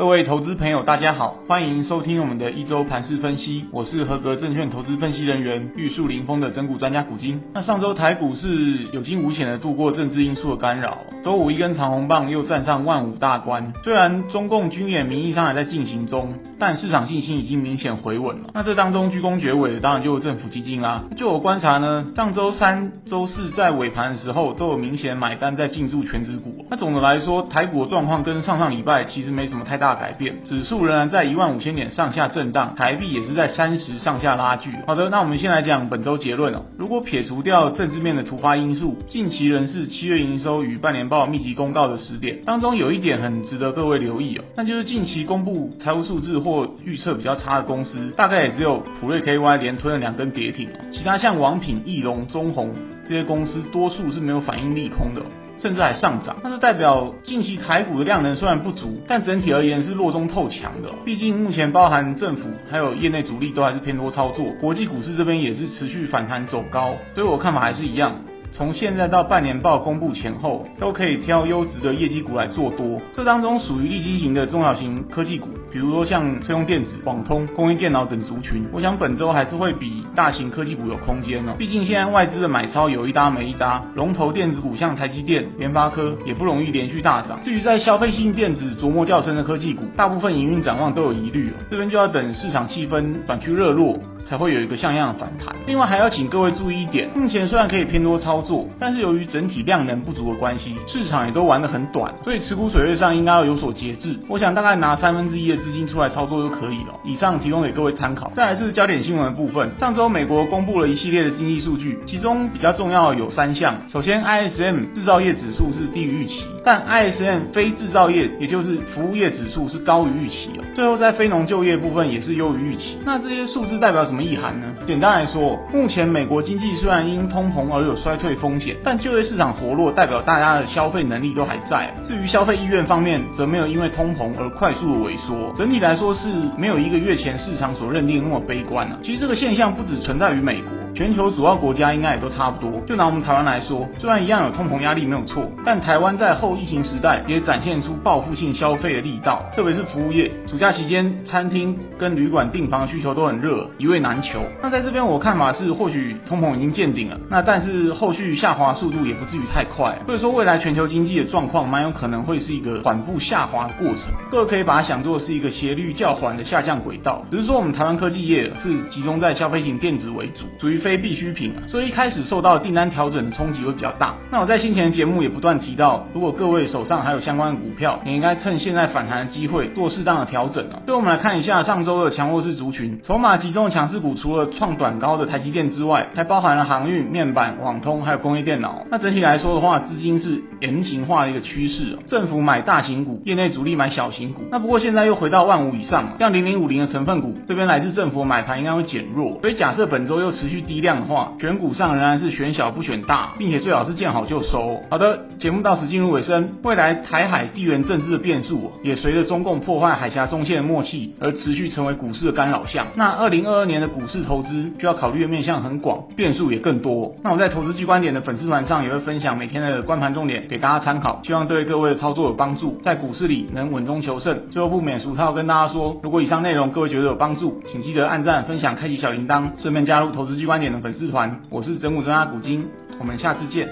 各位投資朋友，大家好，歡迎收聽我們的一周盤勢分析。我是合格證券投資分析人員、玉樹臨風的整股專家古金。那上周台股是有驚無險的度過政治因素的干擾，周五一根長紅棒又站上萬五大關。雖然中共軍演名義上還在進行中，但市場信心已經明顯回穩了。那這當中居功厥偉的當然就是政府基金啦、啊。就我觀察呢，上周三、周四在尾盤的時候都有明顯買單在進駐權值股。那總的來說，台股狀況跟上上禮拜其實沒什麼太大大改變，指數仍然在一萬五千點上下震盪，台幣也是在三十上下拉鋸哦。好的，那我們先來講本周結論哦。如果撇除掉政治面的突發因素，近期仍是七月營收與半年報密集公告的時點。當中有一點很值得各位留意哦，那就是近期公布財務數字或預測比較差的公司，大概也只有普瑞 KY 連吞了兩根跌停哦。其他像王品、翼龍、中鴻這些公司，多數是沒有反應利空的哦，甚至還上漲。那就代表近期台股的量能雖然不足，但整體而言，是弱中透強的，畢竟目前包含政府還有業內主力都還是偏多操作，國際股市這邊也是持續反彈走高，所以我看法還是一樣。從現在到半年報公布前後，都可以挑優質的業績股來做多。這當中屬於利基型的中小型科技股，比如說像車用電子、網通、工業電腦等族群，我想本週還是會比大型科技股有空間哦。畢竟現在外資的買超有一搭沒一搭，龍頭電子股像台積電、聯發科也不容易連續大漲。至於在消費性電子琢磨較深的科技股，大部分營運展望都有疑慮哦。這邊就要等市場氣氛轉趨熱絡，才會有一個像樣的反彈。另外還要請各位注意一點，目前雖然可以偏多操作。但是由於整體量能不足的關係，市場也都玩得很短，所以持股水位上應該要有所節制。我想大概拿三分之一的資金出來操作就可以了。以上提供給各位參考。再來是焦點新聞的部分。上周美國公布了一系列的經濟數據，其中比較重要的有三項。首先，ISM 製造業指數是低於預期，但 ISM 非制造業，也就是服務業指數是高於預期的。最後在非農就業部分也是優於預期。那這些數字代表什麼意涵呢？簡單來說，目前美國經濟雖然因通膨而有衰退。風險，但就業市場活絡代表大家的消費能力都還在啊。至於消費意願方面，則沒有因為通膨而快速的萎縮。整體來說是沒有一個月前市場所認定的那麼悲觀了啊。其實這個現象不只存在於美國。全球主要國家應該也都差不多。就拿我們台灣來說，雖然一樣有通膨壓力沒有錯，但台灣在後疫情時代也展現出報復性消費的力道，特別是服務業。暑假期間，餐廳跟旅館訂房的需求都很熱，一位難求。那在這邊我看法是，或許通膨已經見頂了，那但是後續下滑速度也不至於太快。所以說，未來全球經濟的狀況蠻有可能會是一個緩步下滑的過程。各位可以把它想做的是一個斜率較緩的下降軌道。只是說，我們台灣科技業是集中在消費型電子為主，所以非必需品，啊，所以一開始受到訂單調整的衝擊會比較大。那我在先前的節目也不斷提到，如果各位手上還有相關的股票，你應該趁現在反彈的機會做適當的調整。啊，所以我們來看一下上週的強弱勢族群，籌碼集中的強勢股，除了創短高的台積電之外，還包含了航運、面板、網通還有工業電腦。那整體來說的話，資金是 M 型化的一個趨勢。啊，政府買大型股，業內主力買小型股。那不過現在又回到萬五以上，啊，像零零五零的成分股，這邊來自政府的買盤應該會減弱。所以假設本週又持續。低量的話，選股上仍然是選小不選大，並且最好是見好就收。好的，節目到此進入尾聲。未來台海地緣政治的變數，也隨着中共破壞海峽中線的默契而持續成為股市的干擾項。那二零二二年的股市投資需要考慮的面向很廣，變數也更多。那我在投資 G 觀點的粉絲團上也會分享每天的觀盤重點給大家參考，希望對各位的操作有幫助，在股市裡能穩中求勝。最後不免俗套，跟大家說，如果以上內容各位覺得有幫助，請記得按讚、分享、開啟小鈴鐺，順便加入投資 G 觀。點的粉絲團，我是整蠱專家古今，我們下次見。